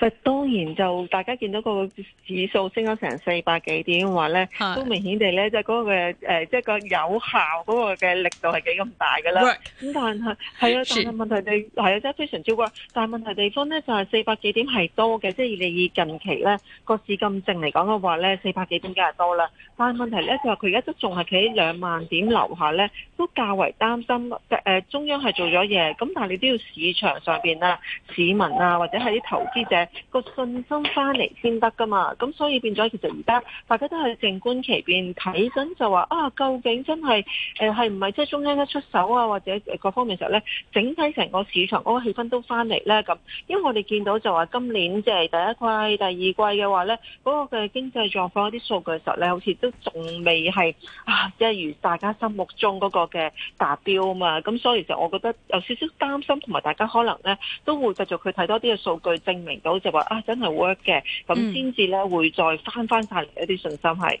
咪當然就大家見到個指數升咗成四百幾點嘅話咧，都明顯地咧，即係嗰個嘅誒，即係個有效嗰個嘅力度係幾咁大㗎啦。咁但係係啊，但係問題地係啊，即係是非常之乖。但係問題地方咧就係四百幾點係多嘅，即係你以近期咧個市咁靜嚟講嘅話咧，四百幾點梗係多啦。但係問題咧就係佢而家都仲係企喺兩萬點樓下咧，都較為擔心。即係誒中央係做咗嘢，咁但係你都要市場上邊啊市民啊或者係啲投資。嘅個信心翻嚟先得噶嘛，咁所以變咗，其實而家大家都係靜觀其變，睇緊就話啊，究竟真係誒係唔係即係中央一出手啊，或者各方面嘅時候呢，整體成個市場嗰個氣氛都翻嚟呢。咁。因為我哋見到就話今年即係第一季、第二季嘅話呢，嗰、嗰個嘅經濟狀況一啲數據嘅時候呢，好似都仲未係啊，即係如大家心目中嗰個嘅達標啊嘛。咁所以就我覺得有少少擔心，同埋大家可能呢都會繼續去睇多啲嘅數據證明。到就話啊，真係 work 嘅，咁先至咧會再翻翻曬嚟一啲信心係。嗯。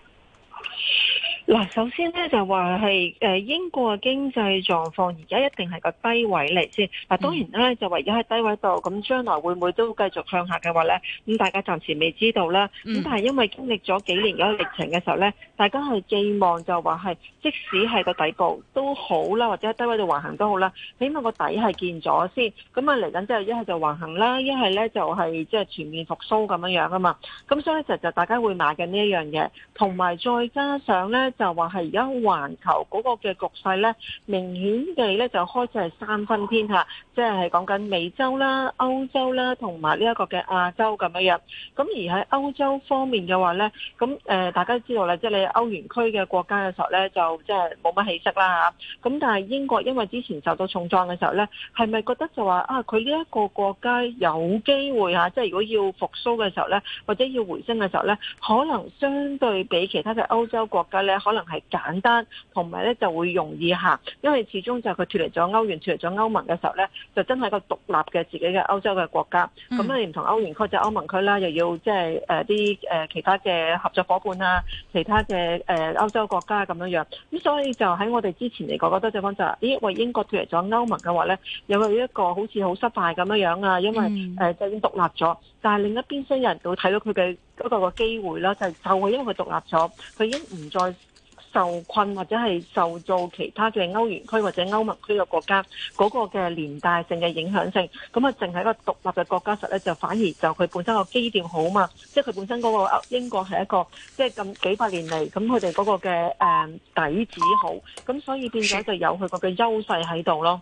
嗱，首先咧就話係誒英國嘅經濟狀況而家一定係個低位嚟先。嗱，當然咧就唯有喺低位度，咁將來會唔會都繼續向下嘅話咧，咁大家暫時未知道啦。咁但係因為經歷咗幾年嘅疫情嘅時候咧，大家係寄望就話係即使係個底部都好啦，或者喺低位度橫行都好啦，起碼個底係見咗先。咁啊嚟緊即係一係就橫行啦，一係咧就係即係全面復甦咁樣樣啊嘛。咁所以就就大家會買緊呢一樣嘢，同埋再加上咧。就話係而家環球嗰個嘅局勢咧，明顯地咧就開始係三分天下，即係講緊美洲啦、歐洲啦，同埋呢一個嘅亞洲咁樣樣。咁而喺歐洲方面嘅話咧，咁誒大家知道啦，即係你歐元區嘅國家嘅時候咧，就即係冇乜起色啦嚇。咁但係英國因為之前受到重創嘅時候咧，係咪覺得就話啊佢呢一個國家有機會啊，即係如果要復甦嘅時候咧，或者要回升嘅時候咧，可能相對比其他嘅歐洲國家咧？可能係簡單，同埋咧就會容易下，因為始終就佢脱離咗歐元、脱離咗歐盟嘅時候咧，就真係個獨立嘅自己嘅歐洲嘅國家。咁你唔同歐元區就係、歐盟區啦，又要即係誒啲誒其他嘅合作伙伴啊，其他嘅誒、呃、歐洲國家咁樣。咁所以就喺我哋之前嚟講，好多地方就係、係、咦，喂，英國脱離咗歐盟嘅話咧，有冇一個好似好失敗咁樣樣啊？因為誒、嗯呃、就已經獨立咗，但係另一邊新人都到睇到佢嘅嗰個個機會啦，就係、就係因為佢獨立咗，佢已經唔再。受困或者係受到其他嘅歐元區或者歐盟區嘅國家嗰個嘅連帶性嘅影響性，咁啊，淨係一個獨立嘅國家實咧，就反而就佢本身個基建好嘛，即係佢本身嗰個英國係一個即係咁幾百年嚟，咁佢哋嗰個嘅誒底子好，咁所以變咗就有佢個嘅優勢喺度咯。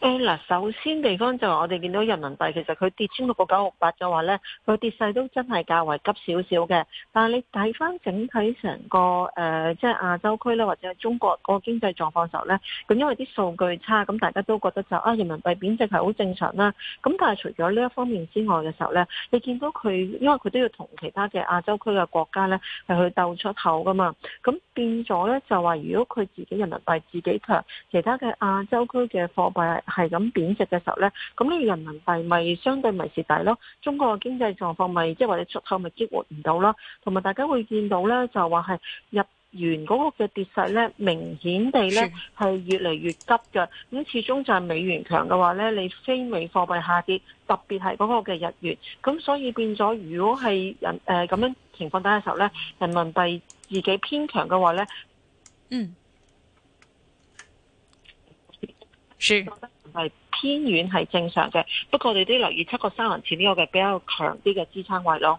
誒，嗱，首先地方就係我哋見到人民幣，其實佢跌穿六個九六八就話咧，佢跌勢都真係較為急少少嘅。但係你睇翻整體成個誒，即係亞洲區咧，或者係中國個經濟狀況時候咧，咁因為啲數據差，咁大家都覺得就啊，人民幣貶值係好正常啦。咁但係除咗呢一方面之外嘅時候咧，你見到佢，因為佢都要同其他嘅亞洲區嘅國家咧，係去鬥出口噶嘛。咁變咗咧，就話如果佢自己人民幣自己強，其他嘅亞洲區嘅貨幣係咁貶值嘅時候呢，咁呢人民幣咪相對咪蝕底咯。中國嘅經濟狀況咪即係或者出口咪激活唔到咯。同埋大家會見到呢，就話係日元嗰個嘅跌勢呢，明顯地呢係越嚟越急嘅。咁始終就係美元強嘅話呢，你非美貨幣下跌，特別係嗰個嘅日元。咁所以變咗，如果係人誒咁、呃、樣情況底下嘅時候呢，人民幣自己偏強嘅話呢。嗯。係覺得唔係偏遠係正常嘅，不過你哋都留意七個三萬四呢個嘅比較強啲嘅支撐位咯。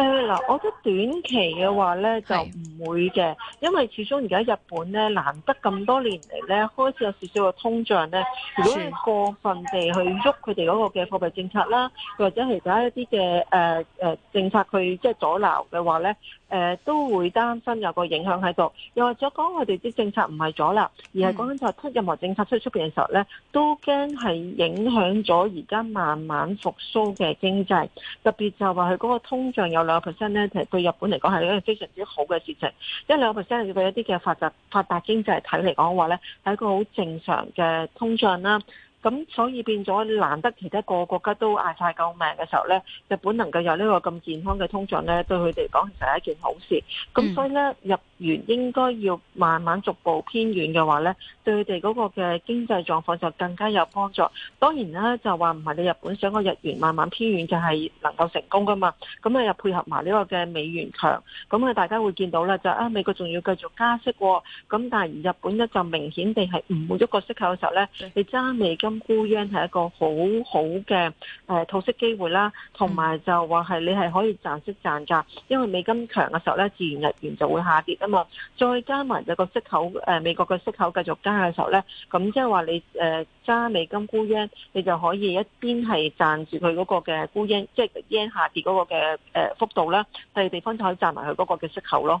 誒嗱，我覺得短期嘅話咧就唔會嘅，是因為始終而家日本咧難得咁多年嚟咧開始有少少嘅通脹咧，如果過分地去喐佢哋嗰個嘅貨幣政策啦，或者其他一啲嘅誒誒政策去，佢即係阻撓嘅話咧。誒都會擔心有個影響喺度，又或者講我哋啲政策唔係阻滯，而係講緊就出任何政策推出嘅時候咧，都驚係影響咗而家慢慢復甦嘅經濟，特別就係話佢嗰個通脹有兩個 percent 咧，其實對日本嚟講係一件非常之好嘅事情。一兩個 percent 對一啲嘅發達發達經濟體嚟講話咧，係一個好正常嘅通脹啦。咁所以變咗難得其他個個國家都嗌晒救命嘅時候咧，日本能夠有呢個咁健康嘅通脹咧，對佢哋嚟講其實係一件好事。咁所以咧，嗯元應該要慢慢逐步偏軟嘅話呢，對佢哋嗰個嘅經濟狀況就更加有幫助。當然啦，就話唔係你日本想個日元慢慢偏軟就係能夠成功噶嘛。咁啊又配合埋呢個嘅美元強，咁啊大家會見到咧，就啊美國仲要繼續加息喎。咁但係日本呢，就明顯地係唔喐個息口嘅時候呢，你揸美金沽 yen 係一個好好嘅誒套息機會啦。同埋就話係你係可以賺息賺價，因為美金強嘅時候呢，自然日元就會下跌。嗯、再加埋有個息口，美國嘅息口繼續加嘅時候咧，咁即係話你誒揸、呃、美金沽 yen，你就可以一邊係賺住佢嗰個嘅沽 yen，即係 yen 下跌嗰個嘅、呃、幅度啦，第二地方就可以賺埋佢嗰個嘅息口咯。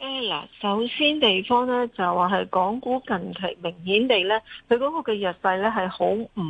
嗱，Ella, 首先地方咧就話係港股近期明顯地咧，佢嗰個嘅弱勢咧係好唔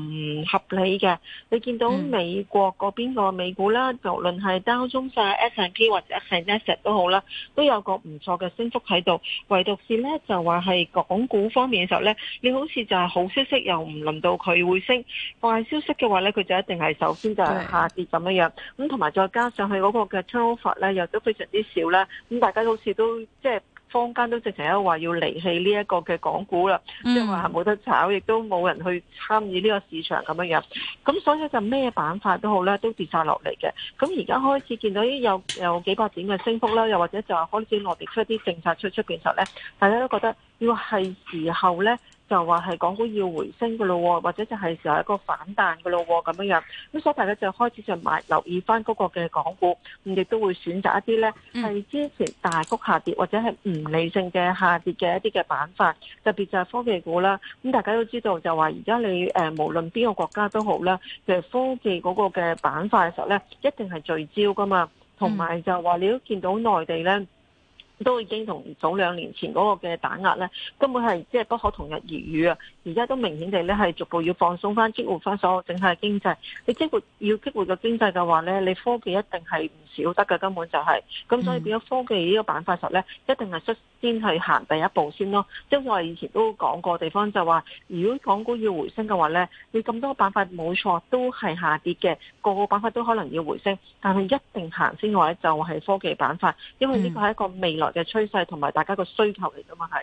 合理嘅。你見到美國嗰邊個美股啦，mm. 無論係 Dow Jones、S&P 或者係 Nasdaq 都好啦，都有個唔錯嘅升幅喺度。唯獨是咧就話係港股方面嘅時候咧，你好似就係好消息又唔輪到佢會升，壞消息嘅話咧佢就一定係首先就係下跌咁樣樣。咁同埋再加上佢嗰個嘅 turnover 咧又都非常之少啦。咁大家好似都～即係坊間都直情都話要離棄呢一個嘅港股啦，即係話係冇得炒，亦都冇人去參與呢個市場咁樣樣。咁所以就咩板塊都好啦，都跌晒落嚟嘅。咁而家開始見到有有幾百點嘅升幅啦，又或者就開始落跌出一啲政策出出嘅時候咧，大家都覺得要係時候咧。就話係港股要回升嘅咯喎，或者就係時候一個反彈嘅咯喎，咁樣樣。咁所以大家就開始就埋留意返嗰個嘅港股，咁亦都會選擇一啲咧係之前大幅下跌或者係唔理性嘅下跌嘅一啲嘅板塊，特別就係科技股啦。咁大家都知道就話而家你誒無論邊個國家都好啦，其實科技嗰個嘅板塊嘅時候咧，一定係聚焦噶嘛，同埋就話你都見到內地咧。都已經同早兩年前嗰個嘅打壓呢，根本係即係不可同日而語啊！而家都明顯地呢，係逐步要放鬆翻激活翻所有整體嘅經濟。你激活要激活個經濟嘅話呢，你科技一定係唔少得嘅，根本就係、是、咁。所以變咗科技呢個板塊實呢，一定係出，先去行第一步先咯，因為我以前都講過地方就話，如果港股要回升嘅話，呢你咁多板塊冇錯都係下跌嘅，個個板塊都可能要回升，但係一定行先嘅話，就係科技板塊，因為呢個係一個未來嘅趨勢同埋大家個需求嚟嘅嘛。係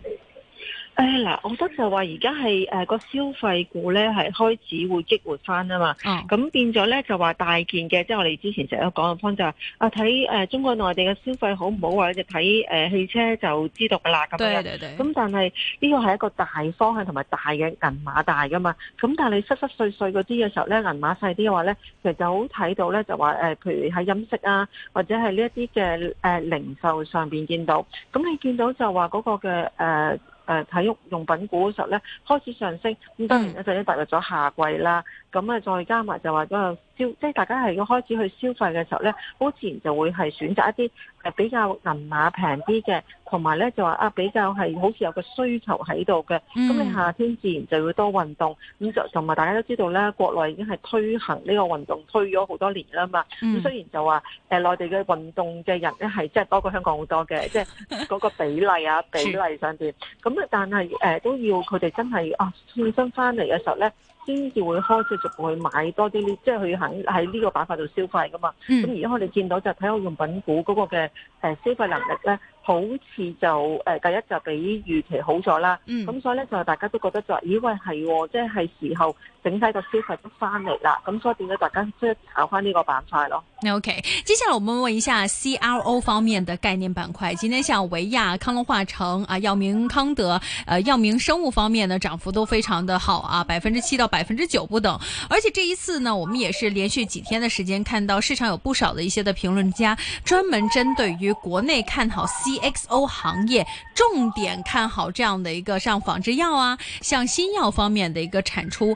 嗱、哎，我覺得就話而家係誒個消費股咧係開始會激活翻啊嘛。咁、哦、變咗咧就話大件嘅，即係我哋之前成日講講嘅方、就是，就係啊睇、呃、中國內地嘅消費好唔好，或者睇汽車就知道啦咁樣。咁但係呢、這個係一個大方向同埋大嘅銀碼大噶嘛。咁、嗯、但係你濕濕碎碎嗰啲嘅時候咧，銀碼細啲嘅話咧，其實就好睇到咧就話誒、呃，譬如喺飲食啊，或者係呢一啲嘅誒零售上面見到。咁、嗯、你見到就話嗰個嘅誒。呃誒、呃、體育用品股嗰時候咧開始上升，咁當然咧就已經踏入咗夏季啦，咁啊再加埋就話、就是。嗰個即係大家係要開始去消費嘅時候咧，好自然就會係選擇一啲係比較銀碼平啲嘅，同埋咧就話啊比較係好似有個需求喺度嘅。咁、嗯、你夏天自然就會多運動。咁就同埋大家都知道咧，國內已經係推行呢個運動推咗好多年啦嘛。咁、嗯、雖然就話誒、呃、內地嘅運動嘅人咧係真係多過香港好多嘅，即係嗰個比例啊比例上邊。咁啊但係誒、呃、都要佢哋真係啊，轉身翻嚟嘅時候咧。先至會開始逐步去買多啲，即係佢行喺呢個板塊度消費噶嘛。咁、嗯、而家我哋見到就體育用品股嗰個嘅誒消費能力咧，好似就誒、呃、第一就比預期好咗啦。咁、嗯、所以咧就大家都覺得就話，咦喂係喎、哦，即係時候。整體個消費都翻嚟啦，咁所以點解大家即係炒翻呢個板塊咯？OK，接下來我們問一下 CRO 方面的概念板塊。今天像午，維亞、康龍化成啊、藥明康德、呃、啊、藥明生物方面呢，漲幅都非常的好啊，百分之七到百分之九不等。而且這一次呢，我們也是連續幾天嘅時間，看到市場有不少的一些的評論家，專門針對於國內看好 CXO 行業，重點看好這樣的一個，像仿製藥啊，像新藥方面的一個產出。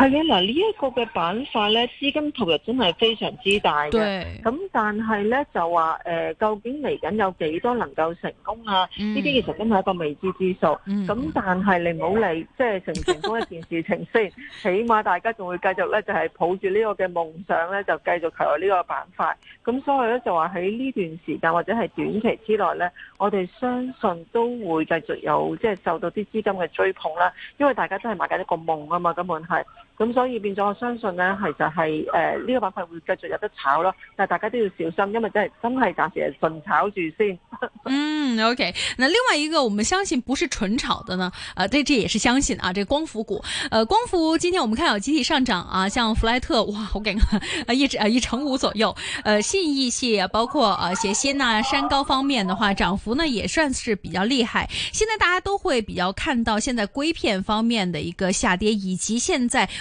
係嘅，嗱呢一個嘅板塊咧，資金投入真係非常之大嘅。咁對但係咧就話誒、呃，究竟嚟緊有幾多能夠成功啊？呢啲其實真係一個未知之數。咁、嗯嗯、但係你唔好理，即係成唔成功一件事情先， 起碼大家仲會繼續咧，就係、是、抱住呢個嘅夢想咧，就繼續投入呢個板塊。咁所以咧就話喺呢段時間或者係短期之內咧，我哋相信都會繼續有即係、就是、受到啲資金嘅追捧啦。因為大家都係買緊一個夢啊嘛，根本係。咁所以變咗，我相信呢係就係誒呢個板塊會繼續有得炒咯，但係大家都要小心，因為真係真係暫時係純炒住先。 嗯，OK。那另外一個，我們相信不是純炒的呢？啊、呃，這這也是相信啊，這光伏股。呃，光伏今天我們看有集體上漲啊，像弗萊特，哇，好勁啊一成啊一成五左右。呃，信義系包括啊，協鑫啊、山高方面的話，漲幅呢也算是比較厲害。現在大家都會比較看到，現在硅片方面的一個下跌，以及現在。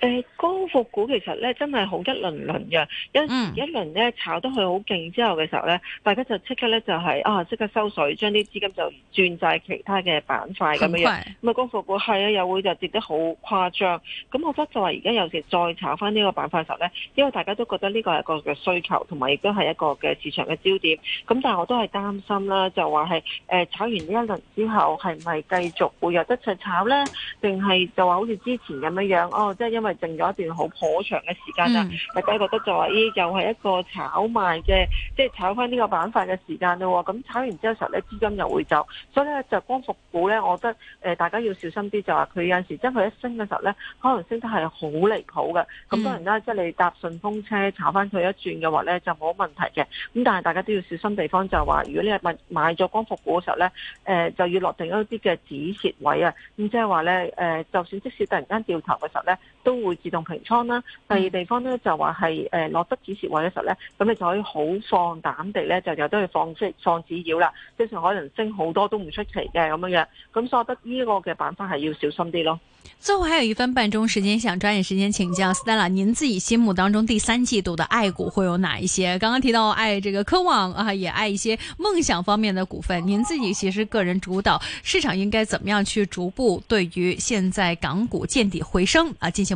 誒、呃，高幅股其實咧真係好一輪輪嘅，有、嗯、一輪咧炒得佢好勁之後嘅時候咧，大家就即刻咧就係、是、啊，即刻收水，將啲資金就轉晒其他嘅板塊咁樣。咁快咪高幅股係啊，又會就跌得好誇張。咁我覺得就話而家有時再炒翻呢個板塊嘅時候咧，因為大家都覺得呢個係一個嘅需求，同埋亦都係一個嘅市場嘅焦點。咁但係我都係擔心啦，就話係誒炒完呢一輪之後，係咪繼續會有得再炒咧？定係就話好似之前咁樣樣哦，即係因為。因為剩咗一段好頗長嘅時間啦，嗯、大家覺得就話咦，又係一個炒賣嘅，即、就、係、是、炒翻呢個板塊嘅時間咯。咁炒完之後，時候咧資金又會走，所以咧就光伏股咧，我覺得誒，大家要小心啲，就話、是、佢有陣時真係一升嘅時候咧，可能升得係好離譜嘅。咁當然啦，即、就、係、是、你搭順風車炒翻佢一轉嘅話咧，就冇問題嘅。咁但係大家都要小心地方，就話、是、如果你係買買咗光伏股嘅時候咧，誒就要落定一啲嘅止蝕位啊。咁即係話咧，誒就算即使突然間掉頭嘅時候咧。都會自動平倉啦。第二地方呢，就話係誒落得止蝕位嘅時候呢，咁你就可以好放膽地呢，就又都去放息放止腰啦。即係可能升好多都唔出奇嘅咁樣嘅。咁所以我覺得呢個嘅辦法係要小心啲咯。最後還有一分半鐘時間，想抓緊時間請教 Sir 啦，Stella，您自己心目當中第三季度的愛股會有哪一些？剛剛提到愛這個科網啊，也愛一些夢想方面的股份。您自己其實個人主導市場應該點樣去逐步對於現在港股見底回升啊進行？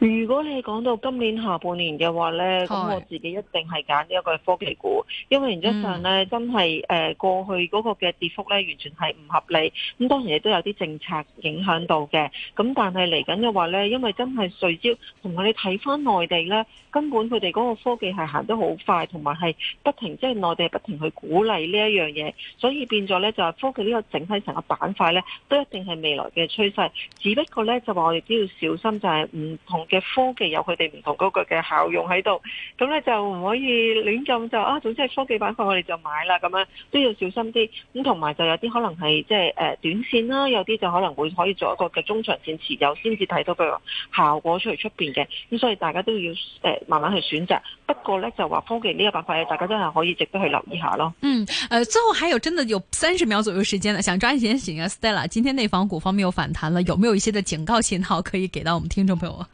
如果你係講到今年下半年嘅話呢，咁我自己一定係揀呢一個科技股，是因為原則上呢，嗯、真係誒、呃、過去嗰個嘅跌幅呢，完全係唔合理。咁、嗯、當然亦都有啲政策影響到嘅，咁、嗯、但係嚟緊嘅話呢，因為真係稅招同我哋睇返內地呢，根本佢哋嗰個科技係行得好快，同埋係不停即係內地不停去鼓勵呢一樣嘢，所以變咗呢，就係科技呢個整體成個板塊呢，都一定係未來嘅趨勢，只不過呢，就話我哋都要小心就係唔同嘅科技有佢哋唔同嗰個嘅效用喺度，咁咧就唔可以亂咁就啊，總之係科技板塊我哋就買啦咁樣，都要小心啲。咁同埋就有啲可能係即係誒短線啦，有啲就可能會可以做一個嘅中長線持有先至睇到佢效果出嚟出邊嘅。咁、嗯、所以大家都要誒、呃、慢慢去選擇。不過咧就話科技呢個板塊大家都係可以值得去留意下咯。嗯，誒、呃，最後還有真的有三十秒左右時間啦，想抓緊啲信息啊，Stella，今天內房股方面有反彈啦，有冇一些嘅警告訊號可以給到我們聽眾朋友啊？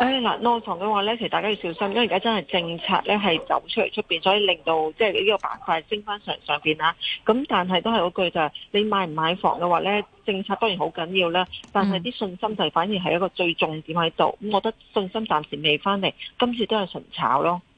哎嗱，內房嘅話咧，其實大家要小心，因為而家真係政策咧係走出嚟出面，所以令到即係呢個板塊升翻上上邊啦。咁但係都係嗰句就係，你買唔買房嘅話咧，政策當然好緊要啦，但係啲信心就係反而係一個最重點喺度。咁我覺得信心暫時未翻嚟，今次都係純炒咯。